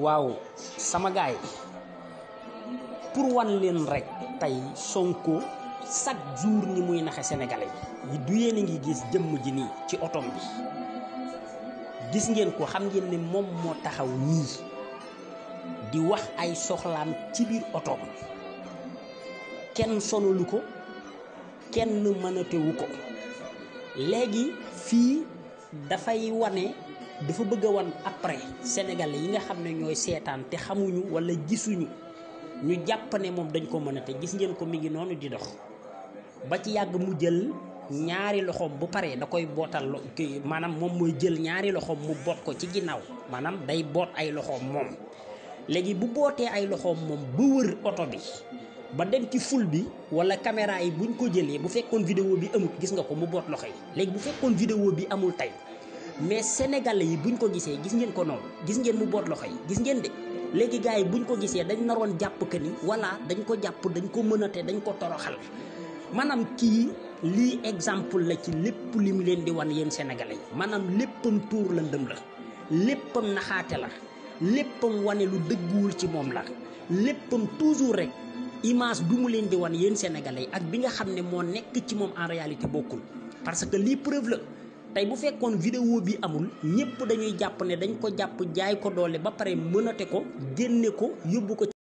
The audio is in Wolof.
waaw sama gaay pour wan leen rek tey sonkoo chaque jour ni muy naxe sénégalais yi du yéen a ngi gis jëmm ji nii ci otom bi gis ngeen ko xam ngeen ne moom moo taxaw nii di wax ay soxlaan ci biir otom kenn sonalu ko kenn mënatewu ko léegi fii dafay wane dafa bëgg wan après sénégalais yi nga xam ne ñooy seetaan te xamuñu wala gisuñu ñu jàpp ne moom dañ ko mën a te gis ngeen ko mi ngi noonu di dox ba ci yàgg mu jël ñaari loxoom bu paree da koy bootal maanaam moom mooy jël ñaari loxoom mu boot ko ci ginnaaw maanaam day boot ay loxoom moom léegi bu bootee ay loxoom moom ba wër oto bi ba dem ci ful bi wala caméra yi buñ ko jëlee bu fekkoon vidéo bi amul gis nga ko mu boot loxo yi léegi bu fekkoon vidéo bi amul tey mais sénégalais yi bu buñ ko gisee gis ngeen ko noonu gis ngeen mu boot loxo yi gis ngeen de léegi gars yi buñ ko gisee dañ naroon jàpp que ni walla dañ ko jàpp dañ ko mënate dañ ko toroxal maanaam kii lii exemple la ci lépp li mu leen di wan yéen sénégalais yi maanaam léppam tuur lëndëm la léppam naxaate la léppam wane lu dëgguwul ci moom la léppam toujours rek image bi mu leen di wan yéen sénégalais yi ak bi nga xam ne moo nekk ci moom en réalité bokkul tey bu fekkoon vidéo bi amul ñëpp dañuy jàpp ne dañ ko jàpp jaay ko doole ba pare mënate ko génne ko yóbbu ko